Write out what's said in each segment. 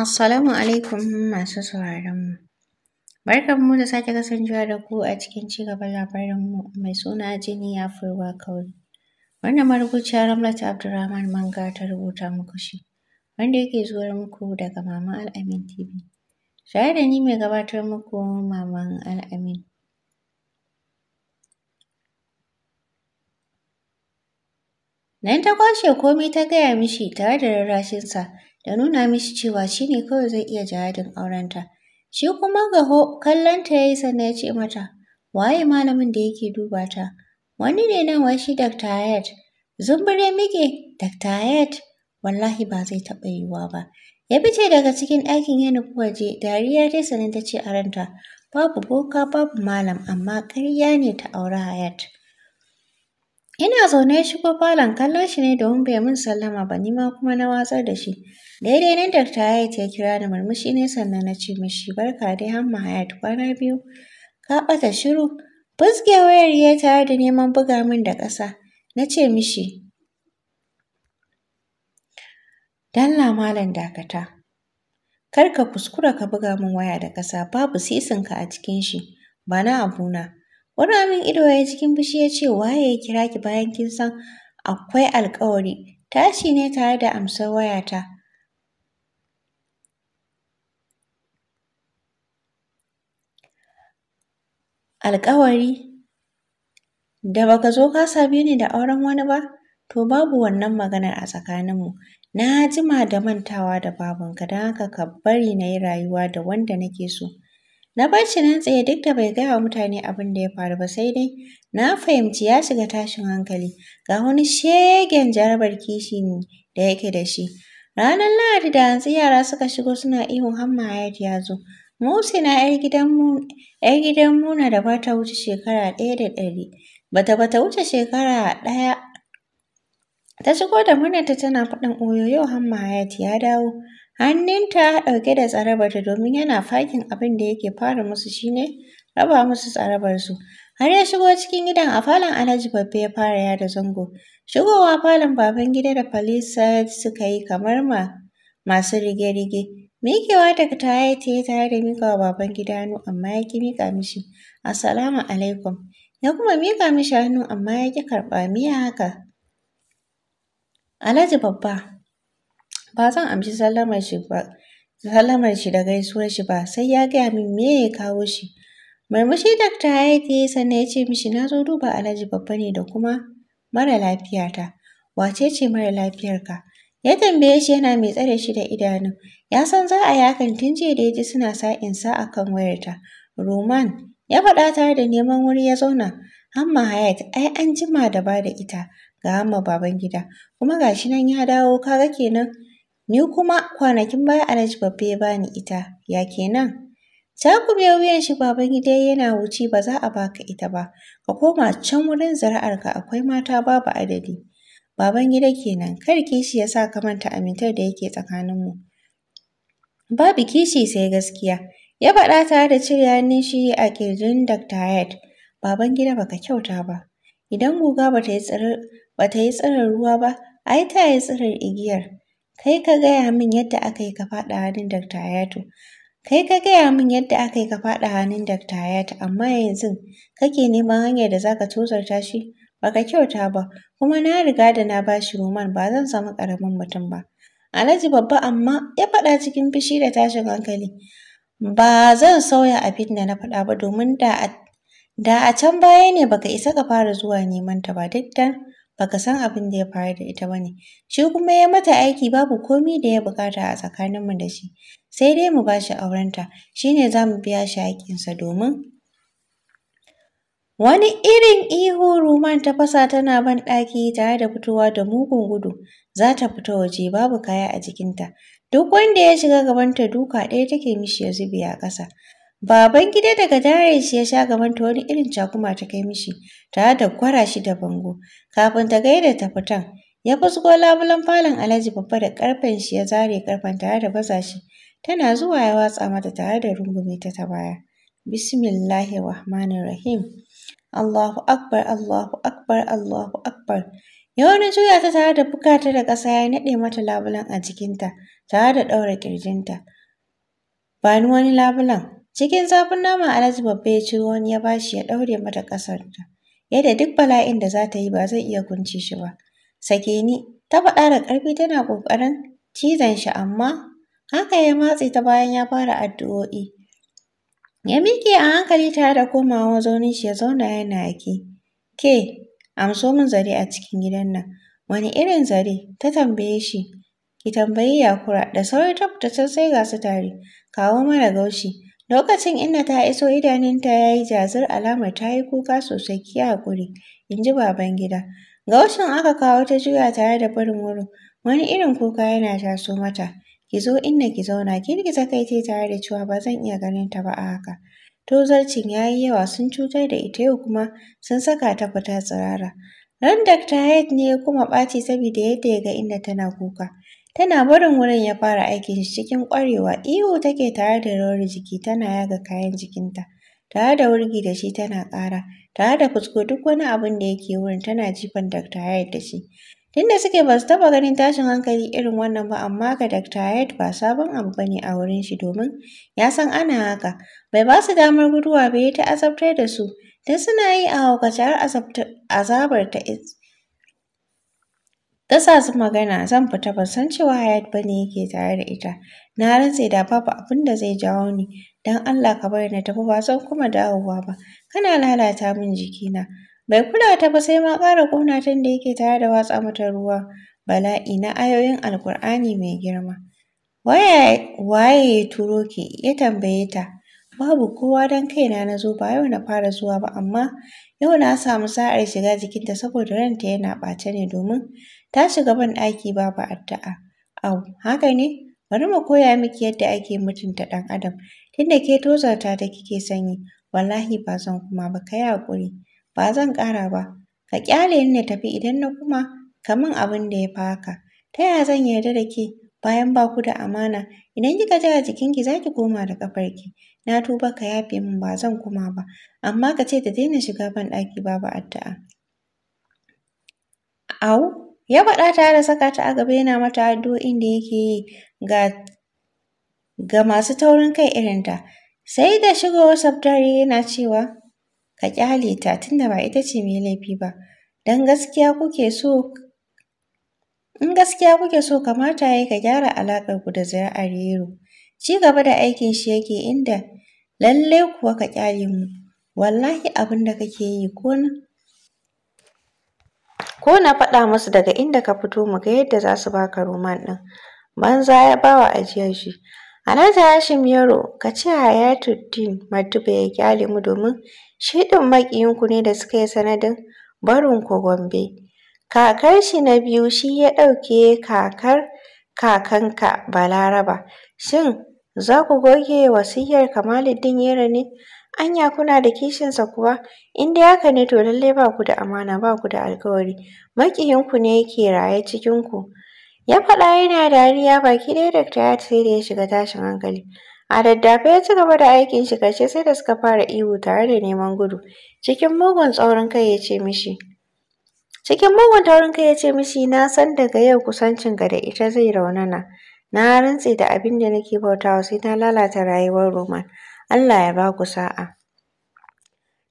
Assalamu alaikum masu sauraron mu. Barkan mu da sake kasancewa da ku a cikin ci gaban labarin mu mai suna jini ya fi ruwa kauri. Wannan marubuciya Ramlat Abdulrahman Manga ta rubuta muku shi wanda yake zuwar muku daga Maman Al'amin TV. Tare da ni mai gabatar muku Maman Al'amin. Nan ta kwashe komai ta gaya mishi tare da rarrashinsa da nuna mishi cewa shi ne kawai zai iya jihadin aurenta. Shi kuma gaho kallonta ya yi sannan ya ce mata, waye malamin da yake duba ta? Wani ne nan wai shi Dr. Hayat. Zumbure muke, Dr. Hayat, wallahi ba zai taɓa yiwuwa ba. Ya fice daga cikin ɗakin ya nufi waje, dariya dai sannan ta ce a ranta, babu boka babu malam amma ƙarya ne ta auri Hayat. Yana zaune ya shigo falon kallon shi ne domin bai mun sallama ba ni ma kuma na watsar da shi. Daidai nan Dr. Hayat ya kira da murmushi ne sannan na ce mishi barka dai hamma Hayat kwana biyu. Ka ɓata shiru. Fuske wayar ya tare da neman buga min da ƙasa. Na ce mishi Dalla malam dakata. Kar ka kuskura ka buga min waya da ƙasa babu sisinka a cikin shi. Ba na abuna. Wani abin ido ya cikin fushi ya ce waye ya kira ki bayan kin san akwai alkawari. Tashi ne tare da amsar wayata. Alkawari? Da baka zo ka same ni da auren wani ba? To babu wannan maganar a tsakaninmu. Na jima da mantawa da babanka don haka ka bari na yi rayuwa da wanda nake so. Na bar shi nan tsaye duk da bai gaya wa mutane abin da ya faru ba sai dai na fahimci ya shiga tashin hankali ga wani shegen jarabar kishi ne da yake da shi. Ranar Lahadi da hantsi yara suka shigo suna ihun hamma Hayat ya zo. na ‘yar gidan Muna da ba ta wuce shekara ɗaya da ɗari, bata bata wuce shekara ɗaya. Ta shigo da murnarta tana faɗin oyoyo hamma Hayat ya dawo. Hannunta ɗauke da tsarabarta domin yana fakin abin da yake fara musu shine raba musu tsarabarsu. Har ya shigo cikin gidan a falon Alhaji Babba ya fara yada zango. Shigowa falon baban gida da Falisa suka yi kamar ma masu rige-rige. Mikewa daga yi ta tare da mika wa baban gida hannu amma ya ki mika mishi. Assalamu alaikum. Ya kuma mika mishi hannu amma ya ki karɓa miya haka. Alhaji Babba Ba zan amshi sallamar shi da gaisuwar shi ba sai ya gaya min me ya kawo shi. Murmushi dakta ya yi sannan ya ce mishi na zo duba Alhaji babba ne da kuma mara lafiyata. Wace ce mara lafiyarka? Ya tambaye shi yana mai tsare shi da idanu. Ya san za a yi tun jiya da ya ji suna sa sa a kan wayarta. Roman ya faɗa tare da neman wuri ya zauna. Hamma Hayat ai an jima da ba da ita ga Hamma Babangida kuma gashi nan ya dawo kaga kenan Ni kuma kwanakin baya Alhaji Babba ya bani ita, ya kenan? ya wuyan shi Babangida yana wuce ba za a baka ita ba, ka koma can wurin ka akwai mata babu adadi. Babangida kenan, kar kishi ya sa ka manta amintar da yake tsakanin mu Babu kishi sai gaskiya, ya faɗa tare da cire hannun shi a ƙirjin Dr. baban gida baka kyauta ba, idan guga bata yi tsirar ruwa ba, ai ta yi tsirar igiyar. Kai ka gaya min yadda aka yi ka faɗa hannun Dr. Kai ka gaya min yadda aka yi ka faɗa hannun Dr. amma yanzu kake neman hanyar da za ka tozarta shi baka kyauta ba kuma na riga da na bashi roman ba zan zama ƙaramin mutum ba. Alhaji babba amma ya faɗa cikin fushi da tashin hankali. Ba zan sauya abin da na faɗa ba domin da a can baya ne baka isa ka fara zuwa neman ta ba duk da. baka san abin da ya faru da ita ba ne. shi kuma ya mata aiki babu komi da ya bukata a tsakanin mu da shi sai dai mu bashi aurenta shine zamu biya shi haƙƙinsa domin Wani irin ihu Ruman ta fasa tana banɗaki tare da fitowa da mugun gudu, za ta fita waje babu kaya a jikinta. Duk wanda ya shiga gabanta duka ɗaya take mishi ya zube a ƙasa. Baban gida daga Darius ya sha gaban ta wani irin cakuma ta kai mishi, tare da kwara shi da bango. Kafin ta gaida ta fitan, ya fusgo labulan falon Alhaji babba da karfen shi ya zare karfen tare da baza shi. Tana zuwa ya watsa mata tare da rungume ta ta baya. Bismillahir Rahmanir Rahim. Allahu Akbar, Allahu Akbar, Allahu Akbar. Ya juya ta tare da buka da ƙasa ya naɗe mata labulan a jikinta tare da ɗaura ƙirjinta. Bani wani labulan. Cikin zafin nama Alhaji babba ya ciro wani ya bashi ya ɗaure mata ƙasarta. Yadda duk bala'in da za ta yi ba zai iya kunce shi ba. Sake ni, ta faɗa da ƙarfi tana ƙoƙarin cizon shi amma haka ya matse ta bayan ya fara addu'o'i. Ya miƙe a hankali tare da komawa mazaunin shi ya zauna yana yaki. Ke, amso min zare a cikin gidan nan. Wani irin zare? Ta tambaye shi. Ki tambayi yakura da sauri ta fita sosai ga su tare. Kawo mana gaushi. Lokacin Inna ta iso idanunta ya yi jazir alamar ta yi kuka sosai ki haƙuri, in ji Babangida. Gaucin aka kawo ta juya tare da barin wurin, wani irin kuka yana taso mata. Ki zo Inna ki zauna, girgiza kai tai tare da cewa ba zan iya ganin ta ba a haka. Tozarcin ya yi yawa sun cutar da ita yau kuma sun saka ta fita tsirara. Ran Dr. Hayat ne ya kuma ɓaci saboda yadda ya ga inda tana kuka. Tana barin wurin ya fara aikin shi cikin ƙwarewa, ihu take tare da rawar jiki tana yaga kayan jikinta, tare da wurgi da shi tana ƙara, tare da fusko duk wani abin da yake wurin tana jifan Dr. Hayat da shi. Tunda suke ba su taɓa ganin tashin hankali irin wannan ba amma ga Dr. Hayat ba sabon abu ba ne a wurin shi domin ya san ana haka. Bai ba su damar guduwa ba ya ta azabtar da su. da suna yi a haukace azabar ta dasa su magana zan fita ban san cewa Hayat ba ne yake tare da ita. Na rantse da babu abin da zai jawo ni don Allah ka bari na tafi ba zan kuma dawowa ba. Kana lalata min jikina. Bai kula ta ba sai ma ƙara tun da yake tare da watsa mata ruwa bala'i na ayoyin alkur'ani mai girma. Waye ya turo ki? Ya tambaye ta. Babu kowa don kaina na zo ba yau na fara zuwa ba amma yau na samu sa'ar shiga jikinta saboda ranta yana ɓace ne domin ta shiga ban ɗaki babu addu'a. Au, haka ne? Bari mu koya miki yadda ake mutunta ɗan adam. Tunda ke tozarta da kike sanyi, wallahi ba zan kuma ba ka yi haƙuri. Ba zan ƙara ba. Ka ƙyale ni na tafi idan na kuma ka abin da ya fi haka. Ta ya zan yarda da ke bayan ba ku da amana? Idan kika ji a jikinki za ki koma da ƙafarki. na tuba ka yafe min ba zan kuma ba amma ka ce ta daina shiga banɗaki babu addu'a au ya faɗa ta da saka ta a gaba yana mata addu'o'in da yake yi ga ga masu taurin kai irin ta. sai da shigowar sabtare yana cewa ka kyale ta tunda ba ita ce mai laifi ba don gaskiya kuke so in gaskiya kuke so kamata yayi ka gyara alaƙar ku da zai Yero Ci gaba da aikin shi yake inda lalle kuwa ka kyale mu. Wallahi abin da kake yi ko na ko na faɗa musu daga inda ka fito mu ga yadda za su baka roman ɗin. Banza ya bawa ajiyar shi. ta Hashim Yaro ka ce Hayatuddin ya kyale mu domin shi ɗin ku ne da suka yi sanadin barin ku Gombe. Kakar shi na biyu shi ya ɗauke kakar kakanka Balaraba. Shin Za ku goge wasiyyar Kamaluddin Yero ne? Anya kuna da kishinsa kuwa? In dai haka ne to lallai ba ku da amana ba ku da alkawari. Maƙihinku ne yake raye cikinku. Ya faɗa yana dariya baki ɗaya da Yat sai da ya shiga tashin hankali. A daddafe ya ci gaba da aikin shi karshe sai da suka fara ihu tare da neman gudu. Cikin mugun tsaurin kai ya ce mishi. Cikin mugun taurin kai ya ce mishi na san daga yau kusancinka da ita zai raunana. Na rantse da abin da nake bautawa sai na lalata rayuwar Roman. Allah ya ba ku sa'a.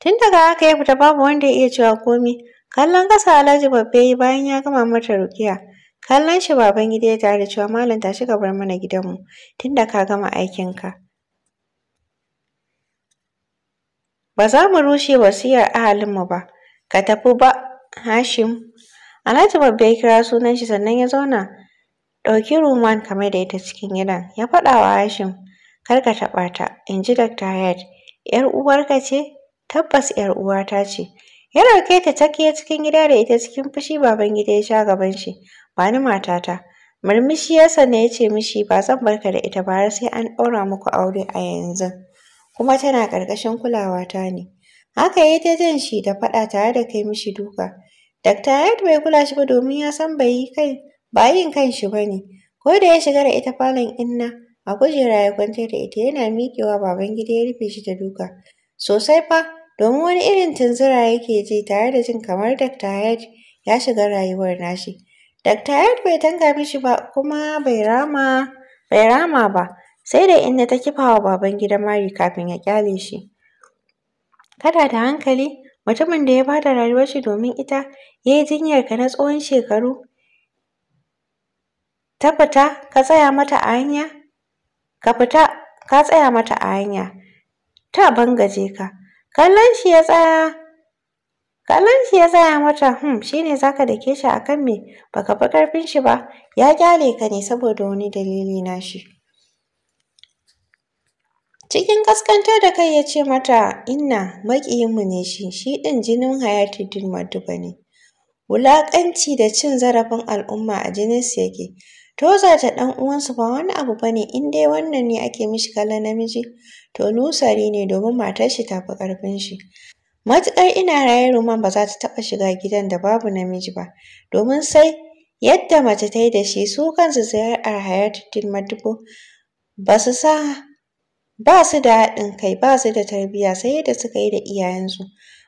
Tun daga haka ya fita babu wanda ya iya cewa komi. Kallon ƙasa Alhaji babba yi bayan ya gama mata rukiya. Kallon shi baban gida ya tare cewa malam ta shiga bar mana gidanmu tun da ka gama aikinka. Ba za mu rushe wasiyar ahalinmu ba, ka tafi ba Hashim. Alhaji babba ya kira sunan shi sannan ya zauna Ɗauki Ruman kamar da ita cikin gidan, ya faɗa wa Hashim. Kar ka taɓa ta, in ji Dr. Hyde. ‘Yar uwarka ce? Tabbas ‘yar uwata ce. Ya ɗauke ta take cikin gida da ita cikin fushi Babangida ya sha gaban shi. Ba ni matata. Murmushi ya sanna ya ce mishi ba zan barka da ita ba sai an ɗaura muku aure a yanzu. Kuma tana ƙarƙashin kulawata ne. Haka ya ta jan shi da faɗa tare da kai mishi duka. Dr. Hyde bai kula shi ba domin ya san bai yi kai ba yin kanshi ba ne. Ko da ya shiga da ita falon inna, a kujera ya kwantar da ita yana miƙewa Babangida ya rufe shi da duka. Sosai fa, domin wani irin tunzura yake ji tare da jin kamar Dr. Hayat ya shiga rayuwar nashi. Dr. Hayat bai tanga mishi ba kuma bai rama ba, sai da inna ta kifa wa baban gida mari kafin ya kyale shi. Kada da hankali, mutumin da ya bada rayuwar shi domin ita, ya yi jinyar ka na tsawon shekaru, ta fita ka tsaya mata a hanya ka fita ka tsaya mata a hanya ta bangaje ka kallon shi ya tsaya kallon shi ya tsaya mata hmm shine zaka dake shi akan me baka fi karfin shi ba ya kyale ka ne saboda wani dalili na shi cikin kaskantar da kai ya ce mata inna maƙiyinmu ne shi shi ɗin jinin hayati din maduba ne wulaƙanci da cin zarafin al'umma a jininsu yake Toza ta ɗan uwansu ba wani abu bane in dai wannan ne ake mishi kallon namiji to nusari ne domin matar shi ta fi ƙarfin shi. matukar ina raye Ruman ba za ta taɓa shiga gidan da babu namiji ba domin sai yadda mace ta yi da shi su kansu zuri'ar Hayatuddin Madibo ba su sa ba su da haɗin kai ba su da tarbiyya sai yadda suka yi da iyayensu.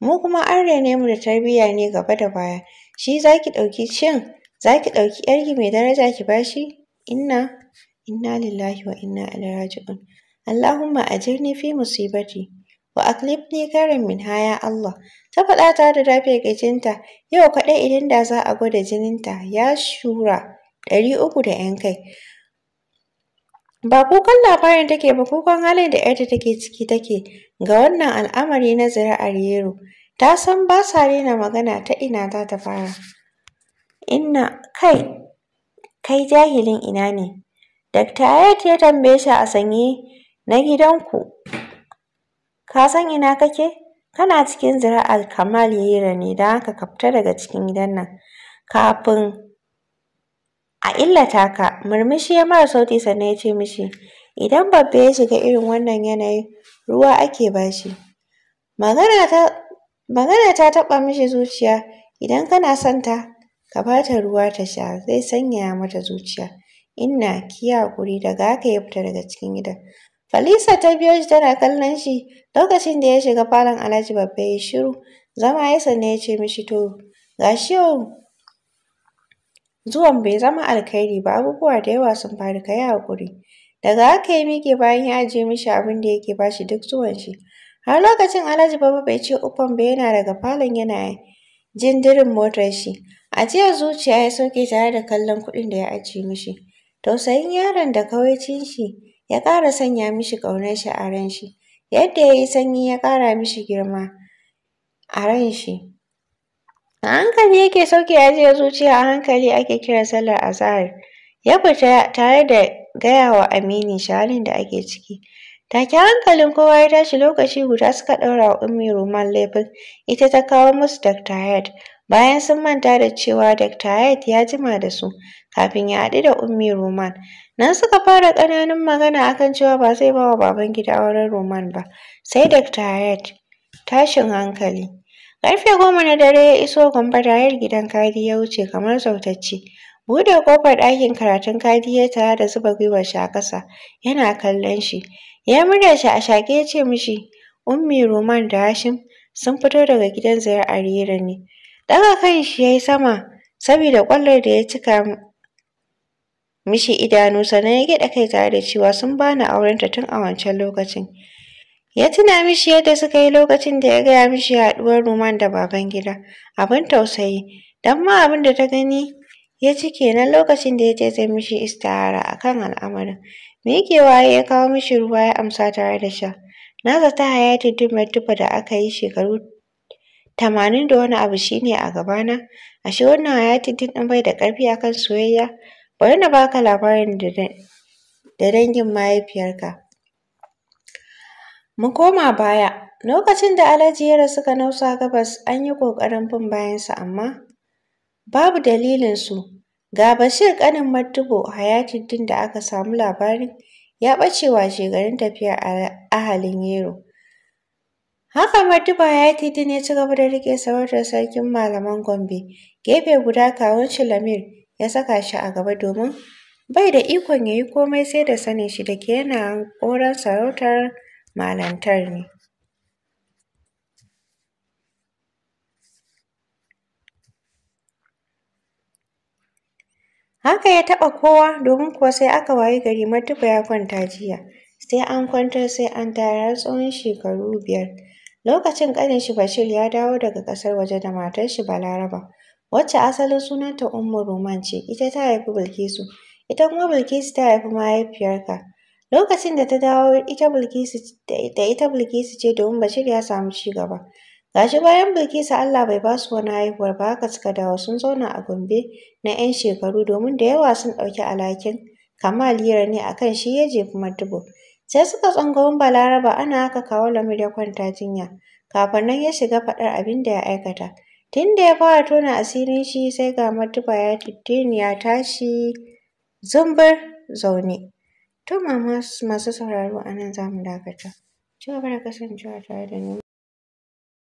Mu kuma an rene mu da tarbiyya ne gaba da baya shi za ki ɗauki cin? Za ki ɗauki ƴarki mai daraja ki bashi shi? Inna inna lillahi wa inna ilaihi raji'un. Allahumma ajirni fi musibati wa aklifni khairan min haya Allah. Ta faɗa ta da dafe gajinta, yau kaɗai idan da za a gwada jininta ya shura ɗari uku da ƴan kai. Ba kukan labarin take ba kukan halin da ‘yarta take ciki take ga wannan al'amari na zira'ar Yero. Ta san ba sa rena magana ta ina za ta fara. Inna kai, kai jahilin ina ne? Dakta ayat ya tambaye shi a sanye na gidanku. Ka san ina kake? Kana cikin zira'ar Kamal Yera ne don haka ka fita daga cikin gidan nan. Kafin a illata ka, murmushi ya mara sauti sannan ya ce mishi, idan babba ya shiga irin wannan yanayi, ruwa ake bashi. Magana ta taɓa mishi zuciya, idan kana son ta, Ka bata ruwa ta sha zai sanya mata zuciya. Inna ki hakuri daga haka ya fita daga cikin gidan. Falisa ta biyo shi tana kallon shi lokacin da ya shiga falon Alhaji Babba ya shiru. Zama ya sanya ya ce mishi to ga shi yau zuwan bai zama alkhairi ba abubuwa da yawa sun faru ka yi hakuri. Daga haka ya miƙe bayan ya ajiye mishi abin da yake bashi duk zuwan shi. Har lokacin Alhaji Babba bai ce uffam ba yana daga falon yana jin dirin motar shi. Ajiyar zuciya ya sauke tare da kallon kuɗin da ya ajiye mishi. Tausayin yaron da kawaicin shi ya ƙara sanya mishi kaunar shi a ran shi. Yadda ya yi sanyi ya ƙara mishi girma a ran shi. A hankali yake sauke ajiyar zuciya a hankali ake kira sallar azahar. Ya fita tare da gaya wa aminin shi halin da ake ciki. Take hankalin kowa ya tashi lokaci guda suka ɗaura wa Ummi Roman laifin, ita ta kawo musu Dr. Head. bayan sun manta da cewa Dr. Hayat ya jima da su kafin ya haɗu da Ummi Roman. Nan suka fara ƙananun magana akan cewa ba zai ba wa Babangida auren Roman ba, sai Dr. Hayat tashin hankali. Ƙarfe goma na dare ya iso Gombe da hayar gidan Kadi ya wuce kamar zautacce. Buɗe ƙofar ɗakin karatun Kadi ya tara da zuba gwiwar shi a ƙasa, yana kallon shi. Ya murya shi a shaƙe ya ce mishi, Ummi Roman da Hashim sun fito daga gidan a rera ne. Daga kan shi ya yi sama saboda kwallon da ya cika mishi idanu sannan ya gyaɗa kai tare da cewa sun bani aurenta tun a wancan lokacin. Ya tuna mishi yadda suka yi lokacin da ya gaya mishi haɗuwar Roman da Babangida, abin tausayi, don ma abin da ta gani ya ci kenan lokacin da ya je zai mishi istihara a kan al'amarin. waye ya kawo mishi ruwa ya amsa tare da sha. Na zata Hayati duk mai da aka yi shekaru tamanin da wani abu shine a gabana ashe wannan hayati din ɗin bai da ƙarfi akan soyayya bari na baka labarin da dangin mahaifiyarka mu koma baya lokacin da Alhaji ya suka nausa gabas an yi ƙoƙarin bin bayansa amma babu dalilin su ga Bashir ƙanin hayati din da aka samu labarin ya ɓace tafiya a ahalin Yero Haka Madiba ya yi titi ne ci gaba da rike sarautar sarkin malaman Gombe. Gefe guda kawun shi Lamir ya saka shi a gaba domin bai da ikon ya yi komai sai da sanin shi da ke yana koran sarautar malantar ne. Haka ya taɓa kowa domin kuwa sai aka wayi gari Madiba ya kwanta jiya. Sai an kwantar sai an tayar har tsawon shekaru biyar. Lokacin ƙanin shi Bashir ya dawo daga ƙasar waje da matar shi Balaraba, wacce asalin sunanta Ummu Ruman ce, ita ta haifi Bilkisu, ita kuma Bilkisu ta haifi mahaifiyarka. Lokacin da ta dawo ita Bilkisu da ita Bilkisu ce domin Bashir ya samu ci gaba. Gashi bayan Bilkisu Allah bai basu wani haihuwar ba haka suka dawo sun zauna a Gombe na 'yan shekaru domin da yawa sun ɗauki alhakin kamaliyar ne akan shi ya jefi Modibo. Sai suka tsangwami Balaraba ana haka kawo Lamir ya kwanta jinya. Kafin nan ya shiga faɗar abin da ya aikata. Tun da ya fara tona asirin shi sai ga matuba ya tuddeni ya tashi zumbur zaune. To masu sauraro a nan za dakata. Ci gaba da kasancewa tare da ni.